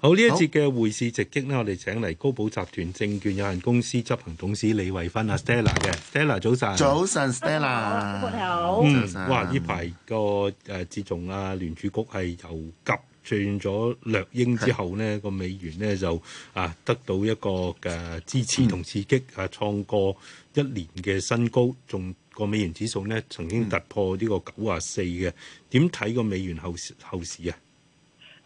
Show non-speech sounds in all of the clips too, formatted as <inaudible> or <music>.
好，呢一節嘅匯市直擊咧，好我哋請嚟高寶集團證券有限公司執行董事李慧芬啊，Stella 嘅 Stella 早晨，早晨，Stella，早好。早哇，呢排個誒，自從啊聯儲局係由急轉咗略鷹之後呢個是美元呢就啊得到一個嘅支持同刺激啊，創過一年嘅新高，仲個美元指數呢曾經突破呢個九啊四嘅，點睇個美元後市後市啊？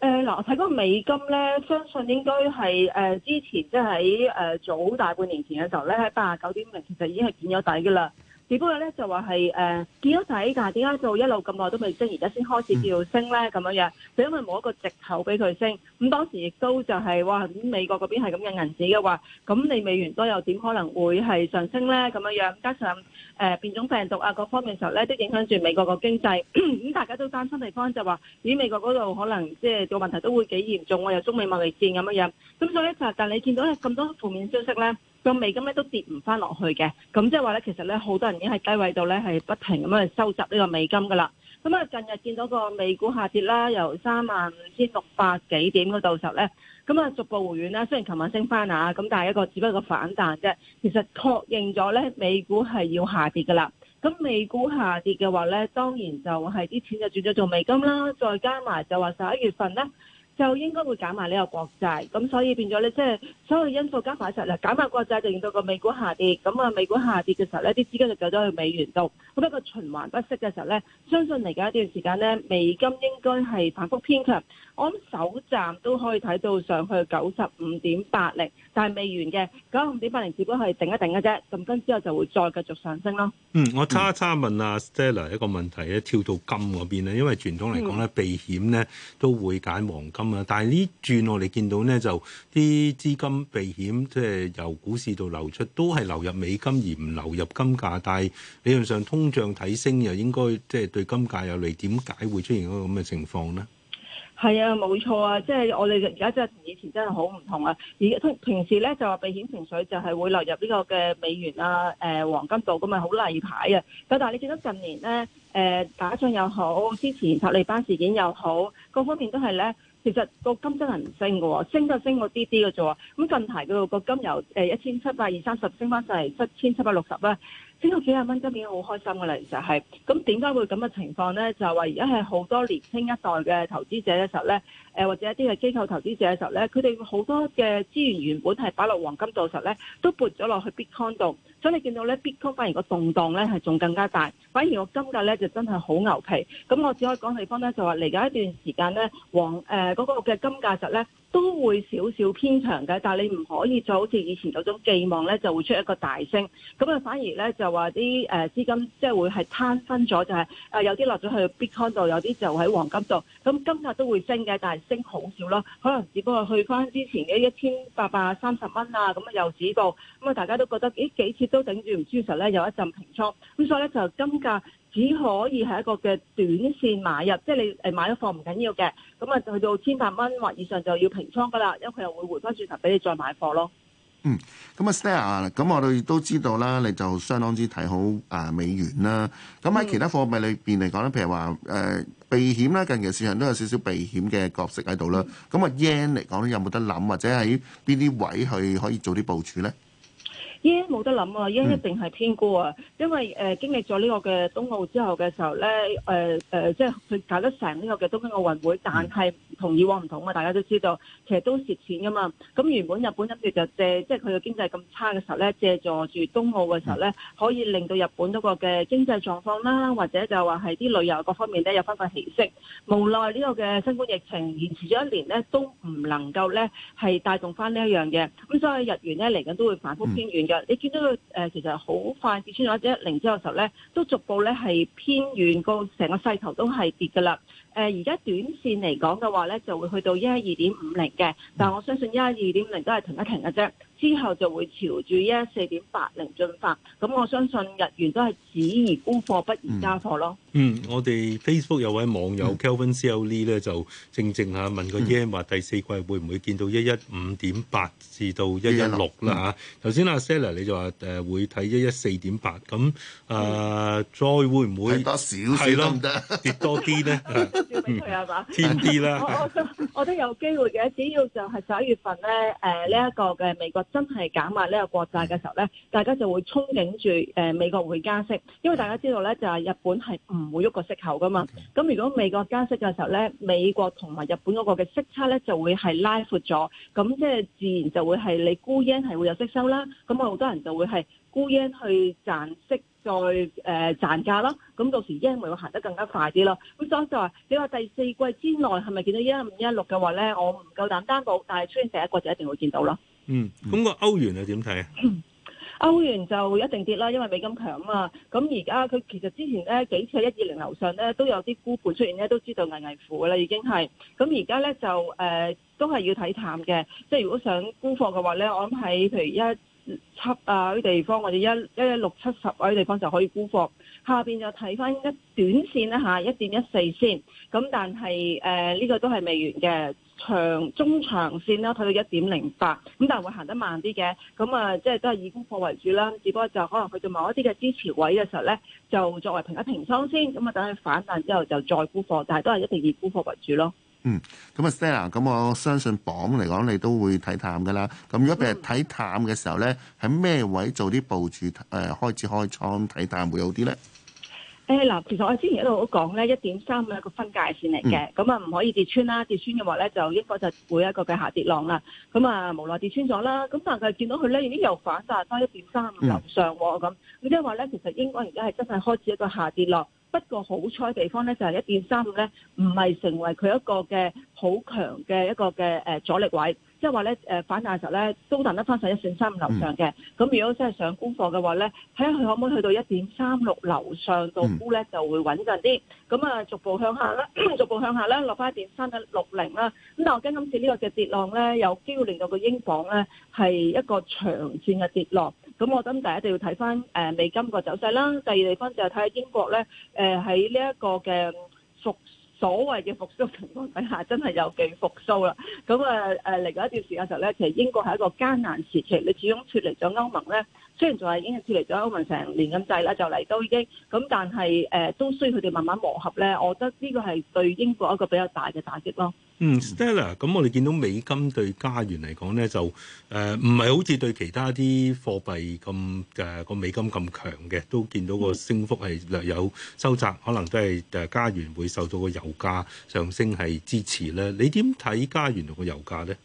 誒嗱、呃，我睇嗰美金咧，相信應該係誒、呃、之前即係誒早大半年前嘅時候咧，喺八啊九點零，其實已經係見咗底㗎啦。只不過咧就話係誒見咗底㗎，點解就一路咁耐都未升，而家先開始叫升咧咁樣樣？就因為冇一個借口俾佢升。咁當時亦都就係、是、哇，美國嗰邊係咁嘅銀紙嘅話，咁你美元都又點可能會係上升咧咁樣樣。加上誒、呃、變種病毒啊各方面嘅時候咧，都影響住美國個經濟。咁 <coughs> 大家都擔心地方就話、是，咦美國嗰度可能即係個問題都會幾嚴重，又中美貿易戰咁樣樣。咁所以就但你見到咁多負面消息咧？個美金咧都跌唔翻落去嘅，咁即係話咧，其實咧好多人已經喺低位度咧係不停咁樣去收集呢個美金噶啦。咁啊，近日見到個美股下跌啦，由三萬五千六百幾點嗰度實咧，咁啊逐步回軟啦。雖然琴晚升翻啊，咁但係一個只不過反彈啫。其實確認咗咧，美股係要下跌噶啦。咁美股下跌嘅話咧，當然就係啲錢就轉咗做美金啦。再加埋就話十一月份咧。就應該會減埋呢個國債，咁所以變咗咧，即係所有因素加埋一齊咧，減埋國債就令到個美股下跌，咁啊美股下跌嘅時候咧，啲資金就走咗去美元度，咁不過循環不息嘅時候咧，相信嚟緊一段時間咧，美金應該係反覆偏強。我諗首站都可以睇到上去九十五點八零，但係美元嘅九十五點八零只不過係定一定嘅啫，咁跟之後就會再繼續上升咯。嗯，我差一差問阿 Stella 一個問題咧，跳到金嗰邊咧，因為傳統嚟講咧避險咧都會揀黃金。但係呢轉，我哋見到咧就啲資金避險，即係由股市度流出，都係流入美金而唔流入金價。但係理論上通脹睇升又應該即係對金價有利，點解會出現嗰個咁嘅情況咧？係啊，冇錯啊，即係我哋而家真係同以前真係好唔同啊！而平時咧就話避險情緒就係會流入呢個嘅美元啊、誒黃金度咁咪好例牌啊！但係你見到近年咧誒打仗又好，之前塔利班事件又好，各方面都係咧。其實個金真係唔升嘅喎，升就升過啲啲嘅啫喎。咁近排嘅個金由誒一千七百二三十升翻曬係七千七百六十啦。升到幾廿蚊，今年好開心㗎啦！其實係，咁點解會咁嘅情況咧？就係話而家係好多年輕一代嘅投資者嘅時候咧，誒、呃、或者一啲嘅機構投資者嘅時候咧，佢哋好多嘅資源原本係擺落黃金度嘅時候咧，都撥咗落去 Bitcoin 度，所以你見到咧 Bitcoin 反而個動盪咧係仲更加大，反而個金價咧就真係好牛皮。咁我只可以講地方咧就係話，嚟緊一段時間咧黃誒嗰、呃那個嘅金價值咧，都會少少偏強嘅，但係你唔可以再好似以前嗰種寄望咧就會出一個大升，咁啊反而咧就話啲誒資金即係會係攤分咗，就係誒、就是就是、有啲落咗去 Bitcoin 度，有啲就喺黃金度，咁今日都會升嘅，但係升好少咯，可能只不過去翻之前嘅一千八百三十蚊啊，咁啊又止到，咁啊大家都覺得咦幾次都頂住唔輸實咧，有一陣平倉，咁所以咧就金價。只可以係一個嘅短線買入，即係你誒買咗貨唔緊要嘅，咁啊去到千八蚊或以上就要平倉噶啦，因為佢又會回翻轉頭俾你再買貨咯。嗯，咁啊 Stella 咁我哋都知道啦，你就相當之睇好啊美元啦。咁喺其他貨幣裏邊嚟講咧，嗯、譬如話誒、呃、避險啦，近期市場都有少少避險嘅角色喺度啦。咁啊 yen 嚟講咧，有冇得諗或者喺邊啲位去可以做啲部署咧？依家冇得諗啊！依家、嗯、一定係偏高啊！因為誒、呃、經歷咗呢個嘅東奧之後嘅時候咧，誒、呃、誒、呃、即係佢搞得成呢個嘅東京奧運會，但係同以往唔同啊！大家都知道其實都蝕錢噶嘛。咁原本日本諗住就借即係佢嘅經濟咁差嘅時候咧，借助住東奧嘅時候咧，可以令到日本嗰個嘅經濟狀況啦，或者就話係啲旅遊各方面咧有翻份起色。無奈呢個嘅新冠疫情延遲咗一年咧，都唔能夠咧係帶動翻呢一樣嘅。咁所以日元咧嚟緊都會反覆偏軟嘅。你見到佢，誒、呃，其實好快跌穿咗一零之後，時候咧，都逐步咧係偏軟，個成個勢頭都係跌嘅啦。誒而家短線嚟講嘅話咧，就會去到一一二點五零嘅，但係我相信一一二點五零都係停一停嘅啫，之後就會朝住一一四點八零進發。咁我相信日元都係只宜沽貨，不宜加貨咯。嗯，我哋 Facebook 有位網友 Kelvin CL 咧，嗯、就正正嚇問個耶話第四季會唔會見到一一五點八至到一一六啦嚇。頭先阿 Sally 你就話誒會睇一一四點八，咁誒、嗯、再會唔會跌多少少得唔得？跌多啲咧？ <laughs> <laughs> 嗯、天啲啦， <laughs> 我我都我都有機會嘅。只要就係十一月份咧，誒呢一個嘅美國真係減壓呢個國債嘅時候咧，大家就會憧憬住誒、呃、美國會加息，因為大家知道咧就係、是、日本係唔會喐個息口㗎嘛，咁如果美國加息嘅時候咧，美國同埋日本嗰個嘅息差咧就會係拉闊咗，咁即係自然就會係你沽 yen 係會有息收啦，咁啊好多人就會係沽 yen 去賺息。再誒、呃、賺價咯，咁到時應該會行得更加快啲咯。咁所以就話，你話第四季之內係咪見到一五一六嘅話咧，我唔夠膽擔保，但係出現第一個就一定會見到啦、嗯。嗯，咁個、嗯嗯、歐元係點睇啊？歐元就一定跌啦，因為美金強啊。咁而家佢其實之前咧幾次喺一二零樓上咧都有啲沽盤出現咧，都知道危危乎嘅啦，已經係。咁而家咧就誒、呃、都係要睇淡嘅，即係如果想沽貨嘅話咧，我諗喺譬如一。七啊啲地方，我哋一一一六七十位、啊、地方就可以沽貨，下邊就睇翻一短線啦吓，一點一四先，咁但係誒呢個都係未完嘅，長中長線啦睇到 8, 一點零八，咁但係會行得慢啲嘅，咁啊即係都係以沽貨為主啦，只不過就可能去到某一啲嘅支持位嘅時候咧，就作為平一平倉先，咁、嗯、啊等佢反彈之後就再沽貨，但係都係一定以沽貨為主咯。嗯，咁啊 Stella 咁我相信鎊嚟講，你都會睇淡嘅啦。咁如果譬如睇淡嘅時候咧，喺咩、嗯、位做啲部署，誒、呃，開始開倉睇淡會好啲咧？誒嗱，其實我之前一路講咧，一點三係一個分界線嚟嘅，咁啊唔可以跌穿啦，跌穿嘅話咧就應該就會一個嘅下跌浪啦。咁啊無奈跌穿咗啦，咁但係見到佢咧已經又反彈翻一點三樓上喎，咁、嗯、即係話咧其實應該而家係真係開始一個下跌浪。不過好彩地方咧就係一點三五咧，唔係成為佢一個嘅好強嘅一個嘅誒阻力位，即係話咧誒反彈時候咧都彈得翻上一點三五樓上嘅。咁、嗯、如果真係上沽貨嘅話咧，睇下佢可唔可以去到一點三六樓上到沽咧就會穩陣啲。咁啊、嗯、逐步向下啦，逐步向下啦，落翻一點三一六零啦。咁但我驚今次呢個嘅跌浪咧，有機會令到個英鎊咧係一個長線嘅跌落。咁我諗第一定要睇翻誒美金個走勢啦。第二地方就係睇下英國咧，誒喺呢一個嘅復所謂嘅復甦情況底下，真係有幾復甦啦。咁啊誒，嚟、呃、緊一段時間時候咧，其實英國係一個艱難時期，你始終脫離咗歐盟咧。雖然就係已經脫離咗歐盟成年咁滯啦，就嚟都已經咁，但係誒、呃、都需要佢哋慢慢磨合咧。我覺得呢個係對英國一個比較大嘅打擊咯。嗯，Stella，咁我哋見到美金對加元嚟講咧，就誒唔係好似對其他啲貨幣咁誒個美金咁強嘅，都見到個升幅係略有收窄，可能都係誒加元會受到個油價上升係支持咧。你點睇加元同個油價咧？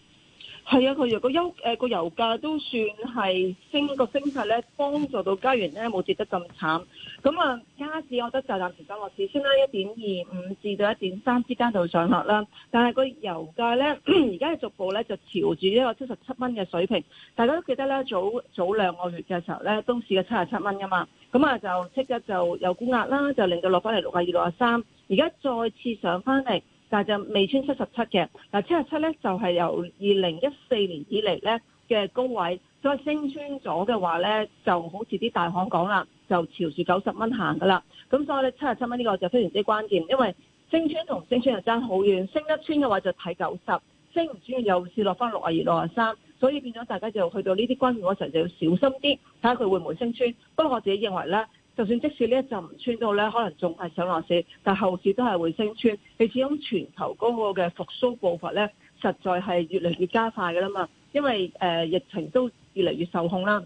係啊，佢如個油誒個、呃、油價都算係升個升勢咧，幫助到加元咧冇跌得咁慘。咁啊，加市我覺得就暫時等我指先啦，一點二五至到一點三之間度上落啦。但係個油價咧，而家係逐步咧就朝住一個七十七蚊嘅水平。大家都記得咧，早早兩個月嘅時候咧，都係嘅七十七蚊噶嘛。咁啊，就即刻就有沽壓啦，就令到落翻嚟六啊二、六啊三。而家再次上翻嚟。但就未穿七十七嘅，嗱七十七咧就係由二零一四年以嚟咧嘅高位，所以升穿咗嘅話咧，就好似啲大行講啦，就朝住九十蚊行噶啦。咁所以咧，七十七蚊呢個就非常之關鍵，因為升穿同升穿又爭好遠，升一穿嘅話就睇九十，升唔穿又試落翻六啊二、六啊三，所以變咗大家就去到呢啲關鍵嗰陣就要小心啲，睇下佢會唔會升穿。不過我自己認為咧。就算即使呢一陣唔穿到咧，可能仲係上落市，但後市都係會升穿。你始終全球嗰個嘅復甦步伐咧，實在係越嚟越加快噶啦嘛。因為誒、呃、疫情都越嚟越受控啦，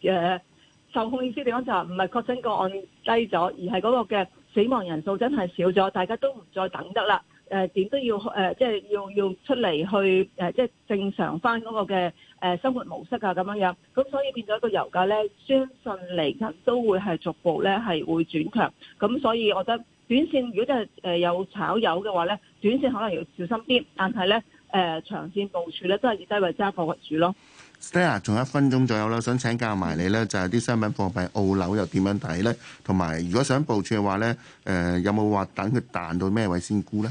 誒、呃、受控意思點樣就係唔係確診個案低咗，而係嗰個嘅死亡人數真係少咗，大家都唔再等得啦。誒點都要誒，即係要要出嚟去誒，即係正常翻嗰個嘅誒生活模式啊，咁樣樣。咁所以變咗個油價咧，相信嚟緊都會係逐步咧係會轉強。咁所以，我覺得短線如果真係誒有炒油嘅話咧，短線可能要小心啲。但係咧誒長線部署咧，都係以低位揸貨為主咯。Stay 啊，仲有一分鐘左右啦，想請教埋你咧，就係啲商品貨幣澳紐又點樣睇咧？同埋如果想部署嘅話咧，誒有冇話等佢彈到咩位先沽咧？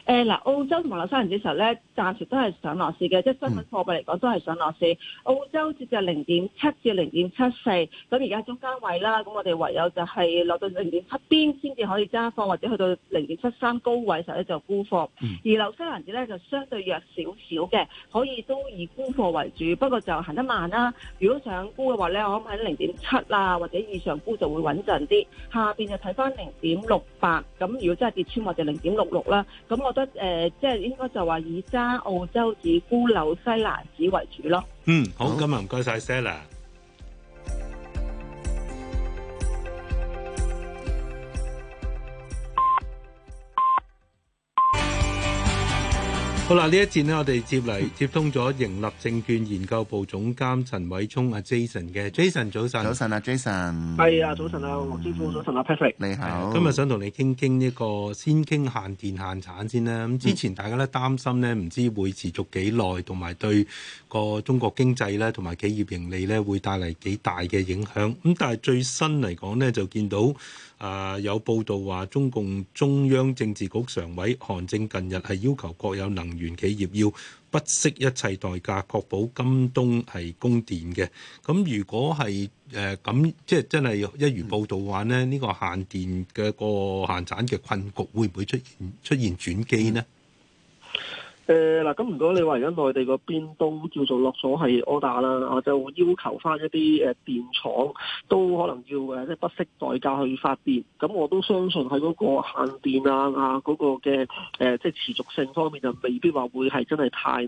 嗱，嗯、澳洲同埋紐西蘭嘅時候咧，暫時都係上落市嘅，即係新聞貨幣嚟講都係上落市。澳洲接近零點七至零點七四，咁而家中間位啦。咁我哋唯有就係落到零點七邊先至可以揸貨，或者去到零點七三高位嘅時候咧就沽貨。嗯、而紐西蘭嘅咧就相對弱少少嘅，可以都以沽貨為主，不過就行得慢啦。如果想沽嘅話咧，我諗喺零點七啦，或者以上沽就會穩陣啲。下邊就睇翻零點六八，咁如果真係跌穿或者零點六六啦，咁我都。誒，即係應該就話以揸澳洲紫、沽紐西蘭子為主咯。嗯，好，oh. 今日唔該晒 Sara。好啦，呢一節呢，我哋接嚟接通咗盈立證券研究部總監陳偉聰啊 Jason 嘅，Jason 早晨。早晨啊，Jason。係啊，早晨啊，黃師傅，早晨啊 Patrick。你係好。今日想同你傾傾呢個，先傾限電限產先啦，啊。咁、嗯、之前大家咧擔心呢，唔知會持續幾耐，同埋對個中國經濟咧，同埋企業盈利咧，會帶嚟幾大嘅影響。咁但係最新嚟講呢，就見到啊、呃、有報道話，中共中央政治局常委韓正近日係要求國有能源原企業要不惜一切代價確保今冬係供電嘅，咁如果係誒咁，即係真係一如報道嘅話咧，呢、嗯、個限電嘅、這個限產嘅困局會唔會出現出現轉機咧？嗯誒，嗱、呃，咁如果你話而家內地嗰邊都叫做落咗係 order 啦，啊，就要求翻一啲誒電廠都可能要誒，即、就、係、是、不惜代價去發電。咁我都相信喺嗰個限電啊啊嗰、那個嘅誒，即、呃、係、就是、持續性方面就未必話會係真係太耐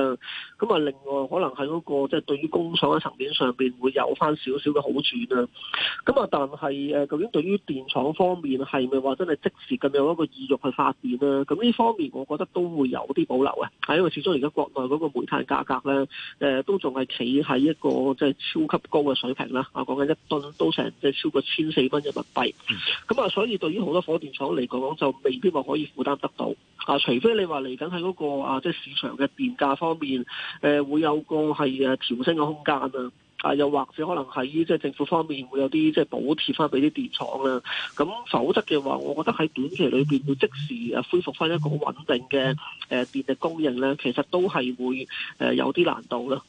啦。咁啊，另外可能喺嗰、那個即係、就是、對於工廠嘅層面上邊會有翻少少嘅好處啦。咁啊，但係誒究竟對於電廠方面係咪話真係即時咁樣有一個意欲去發電咧？咁呢方面我覺得都會有啲補。流嘅，呃，啊，因為始終而家國內嗰個煤炭價格咧，誒，都仲係企喺一個即係超級高嘅水平啦。啊，講緊一噸都成即係超過千四蚊人民幣。咁、嗯、啊，所以對於好多火電廠嚟講，就未必話可以負擔得到。啊，除非你話嚟緊喺嗰個啊，即、就、係、是、市場嘅電價方面，誒、啊，會有個係誒調升嘅空間啊。啊！又或者可能喺即係政府方面會有啲即係補貼翻俾啲電廠啦。咁否則嘅話，我覺得喺短期裏邊會即時誒恢復翻一個穩定嘅誒電力供應咧，其實都係會誒有啲難度咯。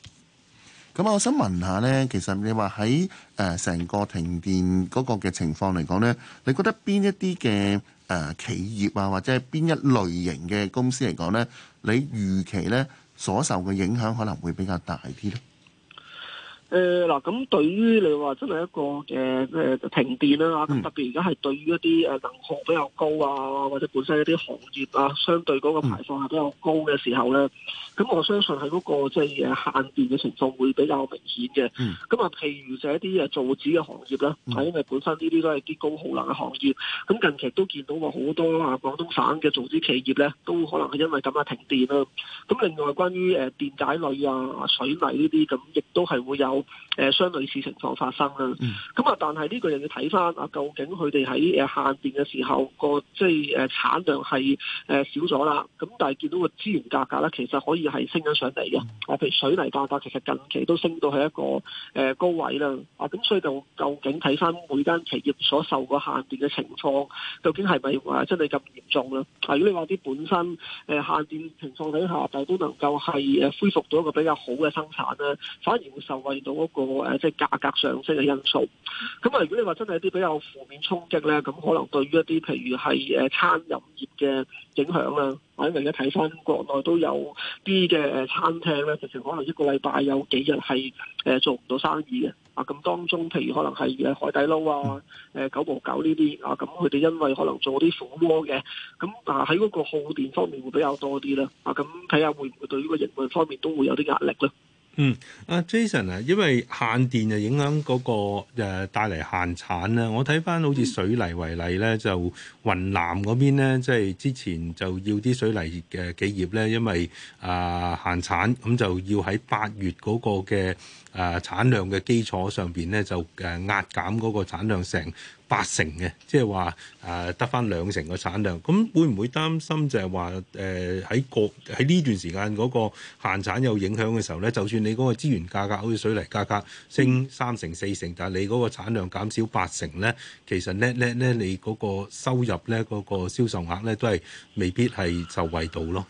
咁啊，我想問下咧，其實你話喺誒成個停電嗰個嘅情況嚟講咧，你覺得邊一啲嘅誒企業啊，或者係邊一類型嘅公司嚟講咧，你預期咧所受嘅影響可能會比較大啲咧？誒嗱，咁、呃、對於你話真係一個誒誒、呃、停電啦，咁特別而家係對於一啲誒能耗比較高啊，或者本身一啲行業啊，相對嗰個排放係比較高嘅時候咧，咁我相信喺嗰個即係限電嘅情況會比較明顯嘅。咁啊、嗯，譬如一啲誒造紙嘅行業啦，係、嗯、因為本身呢啲都係啲高耗能嘅行業，咁近期都見到話好多啊廣東省嘅造紙企業咧，都可能係因為咁樣停電啦。咁另外關於誒電解類啊水泥呢啲，咁亦都係會有。誒相類似情況發生啦，咁啊、嗯，但係呢個又要睇翻啊，究竟佢哋喺誒限電嘅時候個即係誒產量係誒少咗啦，咁但係見到個資源價格咧，其實可以係升咗上嚟嘅。啊、嗯，譬如水泥價格，其實近期都升到係一個誒高位啦。啊，咁所以就究竟睇翻每間企業所受個限電嘅情況，究竟係咪話真係咁嚴重咧？啊，如果你話啲本身誒限電情況底下，但係都能夠係誒恢復到一個比較好嘅生產咧，反而會受惠到。嗰個誒即係價格上升嘅因素，咁啊如果你話真係一啲比較負面衝擊咧，咁可能對於一啲譬如係誒餐飲業嘅影響啦，我哋而家睇翻國內都有啲嘅餐廳咧，直情可能一個禮拜有幾日係誒做唔到生意嘅啊。咁當中譬如可能係誒海底撈啊、誒九毛九呢啲啊，咁佢哋因為可能做啲火鍋嘅，咁啊喺嗰個耗電方面會比較多啲啦。啊咁睇下會唔會對呢個營運方面都會有啲壓力咧？嗯，阿 Jason 啊，因為限電就影響嗰個誒帶嚟限產啦。我睇返好似水泥為例咧，就雲南嗰邊咧，即係之前就要啲水泥嘅企業咧，因為啊限產，咁就要喺八月嗰個嘅。誒、啊、產量嘅基礎上邊咧，就誒壓減嗰個產量成八成嘅，即係話誒得翻兩成嘅產量。咁會唔會擔心就係話誒喺個喺呢段時間嗰個限產有影響嘅時候咧，就算你嗰個資源價格好似水泥價格升三成四成，嗯、但係你嗰個產量減少八成咧，其實咧咧咧，你嗰個收入咧嗰、嗰個銷售額咧都係未必係就為到咯。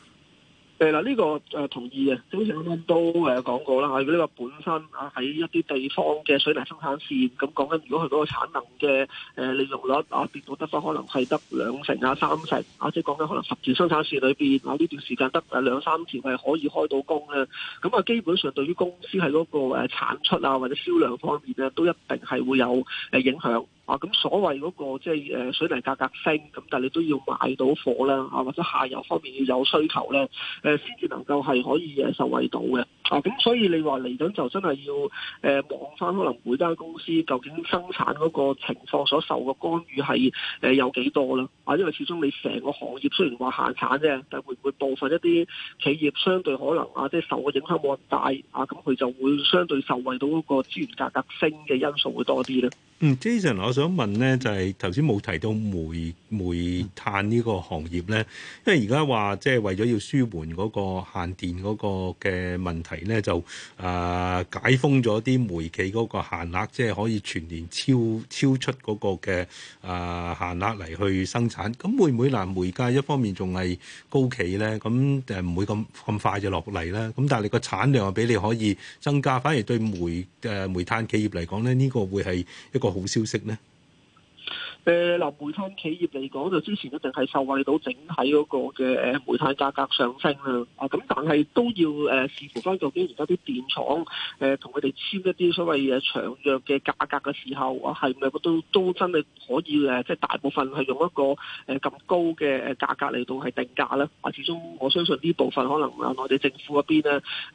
係啦，呢、嗯這個誒、呃、同意嘅，基本上都誒講過啦。如果呢個本身啊喺一啲地方嘅水泥生產線，咁講緊如果佢嗰個產能嘅誒利用率啊跌到得返，可能係得兩成啊三成，即係講緊可能十條生產線裏邊啊呢段時間得兩三條係可以開到工咧，咁啊基本上對於公司喺嗰個誒產出啊或者銷量方面咧，都一定係會有誒、啊、影響。啊，咁所謂嗰個即係誒水泥價格升，咁但係你都要買到貨啦，啊或者下游方面要有需求咧，誒先至能夠係可以誒受惠到嘅。咁所以你話嚟緊就真係要誒望翻可能每間公司究竟生產嗰個情況所受嘅干預係誒有幾多啦？啊，因為始終你成個行業雖然話限產啫，但係會唔會部分一啲企業相對可能啊，即係受嘅影響冇咁大啊？咁佢就會相對受惠到嗰個資源價格升嘅因素會多啲咧。嗯 <music> ，Jason，我想問咧，就係，就係頭先冇提到煤煤炭呢個行業咧，因為而家話即係為咗要舒緩嗰個限電嗰個嘅問題。咧就誒解封咗啲煤企嗰個限額，即係可以全年超超出嗰個嘅誒限額嚟去生產，咁會唔會嗱煤價一方面仲係高企咧？咁誒唔會咁咁快就落嚟咧，咁但係你個產量啊俾你可以增加，反而對煤誒煤炭企業嚟講咧，呢個會係一個好消息咧。誒，能、呃、煤炭企業嚟講，就之前一定係受惠到整體嗰個嘅誒煤炭價格上升啦。啊，咁但係都要誒、呃、視乎翻究竟而家啲電廠誒同佢哋簽一啲所謂嘅長約嘅價格嘅時候，係、啊、咪都都真係可以誒、呃，即係大部分係用一個誒咁、呃、高嘅價格嚟到係定價咧？啊，始終我相信呢部分可能啊，內地政府嗰邊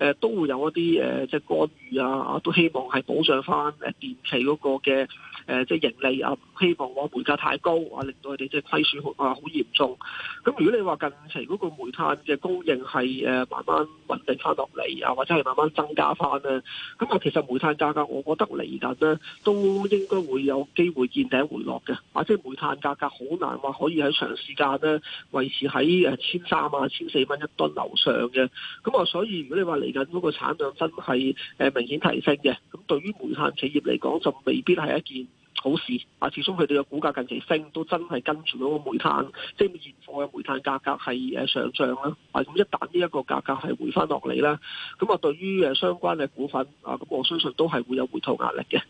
咧誒都會有一啲誒、呃、即係干預啊，都希望係保障翻誒電企嗰個嘅。誒、呃、即係盈利啊！希望話煤價太高啊，令到佢哋即係虧損好啊，好嚴重。咁、啊、如果你話近期嗰個煤炭嘅供應係誒、啊、慢慢穩定翻落嚟啊，或者係慢慢增加翻咧，咁啊其實煤炭價格我覺得嚟緊咧都應該會有機會見頂回落嘅，或、啊、者煤炭價格好難話可以喺長時間咧維持喺誒千三啊、千四蚊一噸樓上嘅。咁啊，所以如果你話嚟緊嗰個產量真係誒、啊、明顯提升嘅，咁對於煤炭企業嚟講就未必係一件好事啊！始終佢哋嘅股價近期升，都真係跟住嗰個煤炭，即係現貨嘅煤炭價格係誒上漲啦。啊，咁一旦呢一個價格係回翻落嚟啦，咁啊對於誒相關嘅股份啊，咁我相信都係會有回吐壓力嘅。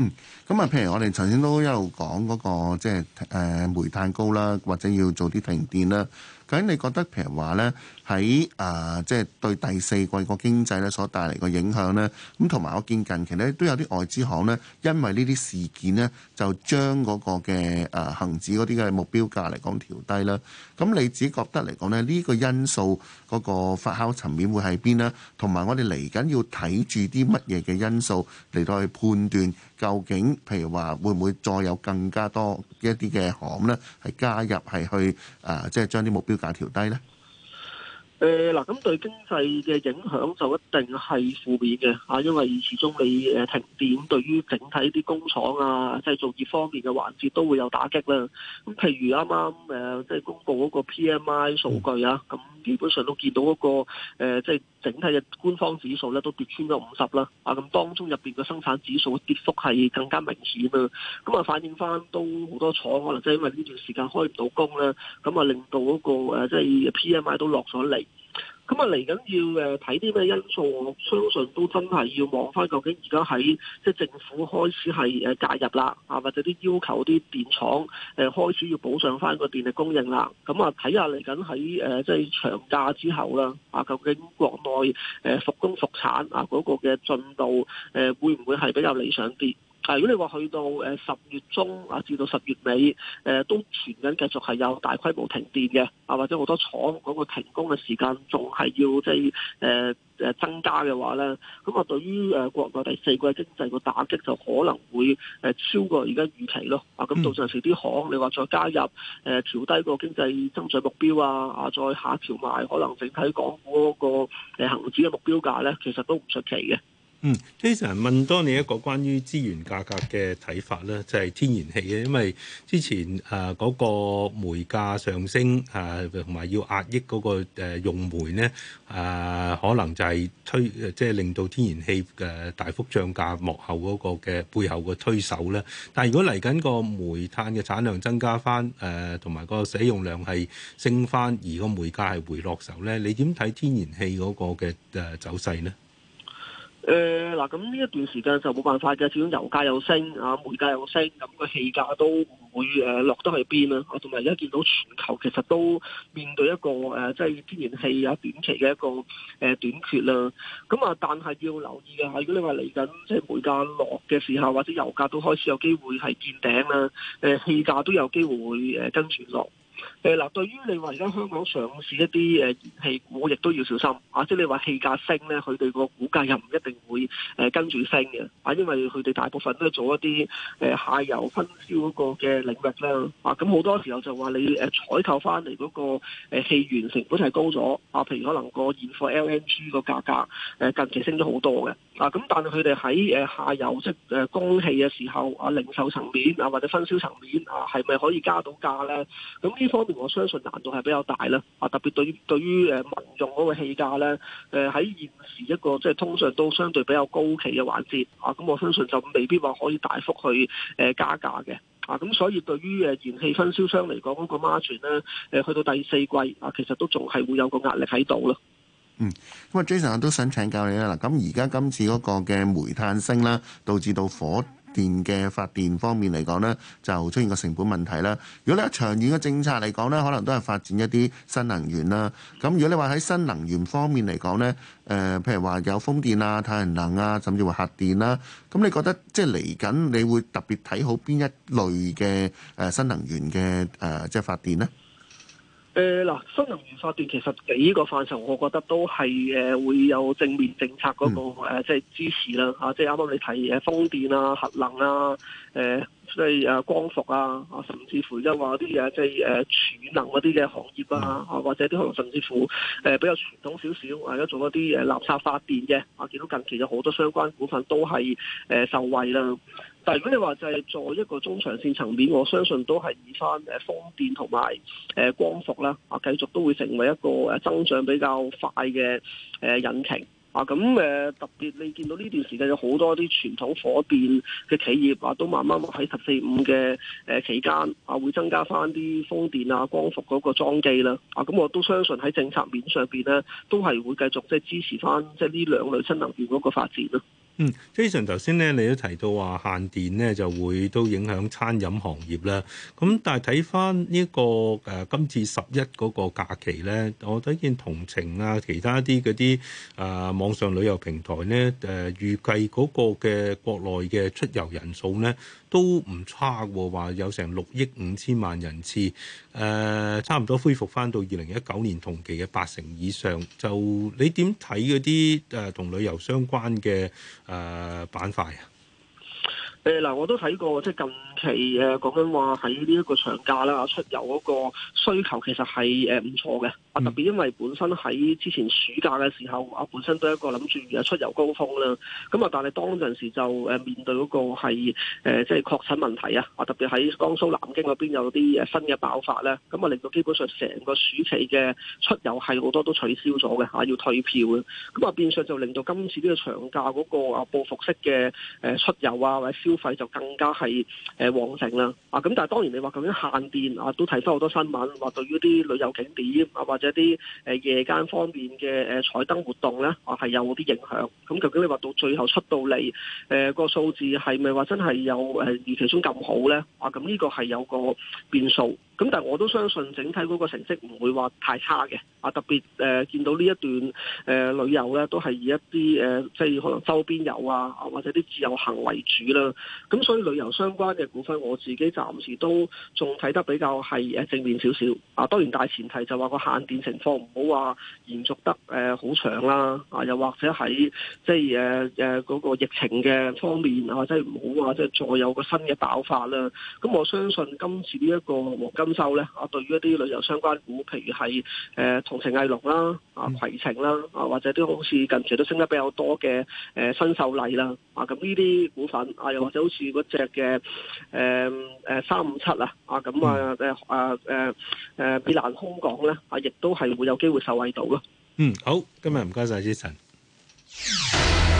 嗯，咁啊，譬如我哋頭先都一路講嗰個即係誒煤炭高啦，或者要做啲停電啦，咁究竟你覺得譬如話咧？喺誒，即係對第四季個經濟呢所帶嚟個影響呢，咁同埋我見近期呢都有啲外資行呢，因為呢啲事件呢，就將嗰個嘅誒恆指嗰啲嘅目標價嚟講調低啦。咁你自己覺得嚟講呢，呢個因素嗰個發酵層面會喺邊呢？同埋我哋嚟緊要睇住啲乜嘢嘅因素嚟到去判斷，究竟譬如話會唔會再有更加多一啲嘅行呢，係加入係去誒，即係將啲目標價調低呢？誒，嗱、呃，咁對經濟嘅影響就一定係負面嘅，啊，因為始終你誒、呃、停電對於整體啲工廠啊，即係製造業方面嘅環節都會有打擊啦。咁、啊、譬如啱啱誒，即、呃、係、就是、公布嗰個 PMI 數據啊，咁基本上都見到一、那個誒，即、呃、係。就是整體嘅官方指數咧都跌穿咗五十啦，啊，咁當中入邊嘅生產指數跌幅係更加明顯啊，咁、嗯、啊，反映翻都好多廠可能即係因為呢段時間開唔到工啦，咁、嗯、啊、嗯、令到嗰、嗰個即係、呃即係、PMI 都落咗嚟。咁啊，嚟緊要誒睇啲咩因素？我相信都真係要望翻究竟而家喺即係政府開始係誒介入啦，啊或者啲要求啲電廠誒開始要補償翻個電力供應啦。咁啊，睇下嚟緊喺誒即係長假之後啦，啊究竟國內誒復工復產啊嗰個嘅進度誒會唔會係比較理想啲？但如果你話去到誒十月中啊，至到十月尾，誒、啊、都傳緊繼續係有大規模停電嘅，啊或者好多廠嗰個停工嘅時間仲係要即係誒誒增加嘅話咧，咁啊，對於誒國內第四季經濟個打擊就可能會誒超過而家預期咯。啊咁到陣時啲行，你話再加入誒、啊、調低個經濟增長目標啊啊，再下調埋，可能整體港股嗰、那個誒恆指嘅目標價咧，其實都唔出奇嘅。嗯，Jason，問多你一個關於資源價格嘅睇法咧，就係、是、天然氣嘅，因為之前誒嗰、呃那個煤價上升啊，同、呃、埋要壓抑嗰、那個、呃、用煤咧，誒、呃、可能就係推即係、呃就是、令到天然氣嘅大幅漲價幕後嗰個嘅背後嘅推手咧。但係如果嚟緊個煤炭嘅產量增加翻誒，同、呃、埋個使用量係升翻，而個煤價係回落時候咧，你點睇天然氣嗰個嘅誒走勢咧？誒，嗱，咁呢一段時間就冇辦法嘅，始終油價又升，啊煤價又升，咁、那個氣價都唔會誒、呃、落得去邊啊？啊，同埋而家見到全球其實都面對一個誒、即、呃、係、就是、天然氣啊短期嘅一個誒、呃、短缺啦。咁啊，但係要留意啊，如果你話嚟緊即係煤價落嘅時候，或者油價都開始有機會係見頂啦，誒氣價都有機會誒跟住落。誒嗱、哎，對於你話而家香港上市一啲誒燃氣股，亦、啊、都要小心啊！即、就、係、是、你話氣價升咧，佢哋個股價又唔一定會誒、啊、跟住升嘅啊！因為佢哋大部分都做一啲誒、啊、下游分銷嗰個嘅領域咧啊！咁好多時候就話你誒採購翻嚟嗰個誒氣源成本係高咗啊！譬、啊、如可能個現貨 LNG 個價格誒、啊、近期升咗好多嘅啊！咁但係佢哋喺誒下游即係供、啊、氣嘅時候啊，零售層，層面啊或者分銷層面啊，係、啊、咪可以加到價咧？咁呢方面。我相信難度係比較大啦，啊，特別對於對於誒民用嗰個氣價咧，誒喺現時一個即係通常都相對比較高企嘅環節，啊，咁我相信就未必話可以大幅去誒加價嘅，啊，咁所以對於誒燃氣分銷商嚟講嗰個 margin 咧，誒去到第四季啊，其實都仲係會有個壓力喺度咯。嗯，咁啊，Jason 我都想請教你咧，嗱，咁而家今次嗰個嘅煤炭升啦，導致到火。電嘅發電方面嚟講呢，就出現個成本問題啦。如果你喺長遠嘅政策嚟講呢，可能都係發展一啲新能源啦。咁如果你話喺新能源方面嚟講呢，誒、呃，譬如話有風電啊、太陽能啊，甚至話核電啦、啊。咁你覺得即係嚟緊，就是、你會特別睇好邊一類嘅誒新能源嘅誒即係發電呢？誒，嗱、嗯，新能源發電其實幾個範疇，我覺得都係誒會有正面政策嗰個誒，即係支持啦。啊，即係啱啱你睇風電啊、核能啊，誒、啊，即係誒光伏啊，甚至乎即係話啲嘢，即係誒儲能嗰啲嘅行業啊，啊或者可能甚至乎誒、啊、比較傳統少少，或者做一啲誒垃圾發電嘅。我、啊、見到近期有好多相關股份都係誒、啊、受惠啦。但係如果你話就係做一個中長線層面，我相信都係以翻誒風電同埋誒光伏啦，啊繼續都會成為一個誒增長比較快嘅誒引擎啊。咁、啊、誒特別你見到呢段時間有好多啲傳統火電嘅企業啊，都慢慢喺十四五嘅誒期間啊，會增加翻啲風電啊、光伏嗰個裝機啦。啊，咁、啊、我都相信喺政策面上邊咧，都係會繼續即係支持翻即係呢兩類新能源嗰個發展咯。嗯，Jason 頭先咧，你都提到話限電咧，就會都影響餐飲行業啦。咁但係睇翻呢個誒、呃、今次十一嗰個假期咧，我睇見同程啊，其他啲嗰啲誒網上旅遊平台咧，誒、呃、預計嗰個嘅國內嘅出遊人數咧。都唔差喎，話有成六億五千萬人次，誒、呃、差唔多恢復翻到二零一九年同期嘅八成以上。就你點睇嗰啲誒同旅遊相關嘅誒板塊啊？誒、呃、嗱、呃，我都睇過，即係咁。期誒、嗯、講緊話喺呢一個長假啦，出遊嗰個需求其實係誒唔錯嘅。啊，特別因為本身喺之前暑假嘅時候，啊本身都係一個諗住出遊高峰啦。咁啊，但係當陣時就誒面對嗰個係即係確診問題啊。啊，特別喺江蘇南京嗰邊有啲誒新嘅爆發咧。咁啊，令到基本上成個暑期嘅出遊係好多都取消咗嘅嚇，要退票。咁啊，變相就令到今次呢個長假嗰個啊報復式嘅誒出遊啊或者消費就更加係誒。呃旺盛啦啊！咁但係當然你話究竟限電啊，都睇翻好多新聞，話對於啲旅遊景點啊，或者啲誒夜間方面嘅誒彩燈活動咧，啊係有啲影響。咁究竟你話到最後出到嚟誒個數字係咪話真係有誒預期中咁好咧？啊咁呢個係有個變數。咁但係我都相信整體嗰個成績唔會話太差嘅啊。特別誒見到呢一段誒旅遊咧，都係以一啲誒即係可能周邊遊啊，或者啲自由行為主啦。咁所以旅遊相關嘅。我自己暫時都仲睇得比較係誒正面少少啊，當然大前提就話個限電情況唔好話延續得誒好長啦啊，又或者喺即係誒誒嗰個疫情嘅方面啊，或者係唔好話即係再有個新嘅爆發啦。咁我相信今次呢一個黃金週咧，啊對於一啲旅遊相關股，譬如係誒同程藝龍啦、啊攜程啦啊，或者都好似近期都升得比較多嘅誒新秀麗啦啊，咁呢啲股份啊，又或者好似嗰隻嘅。誒誒三五七，啊啊咁啊誒啊誒誒比蘭空港咧啊，亦都係會有機會受惠到咯。嗯，好，今日唔該晒，Jason。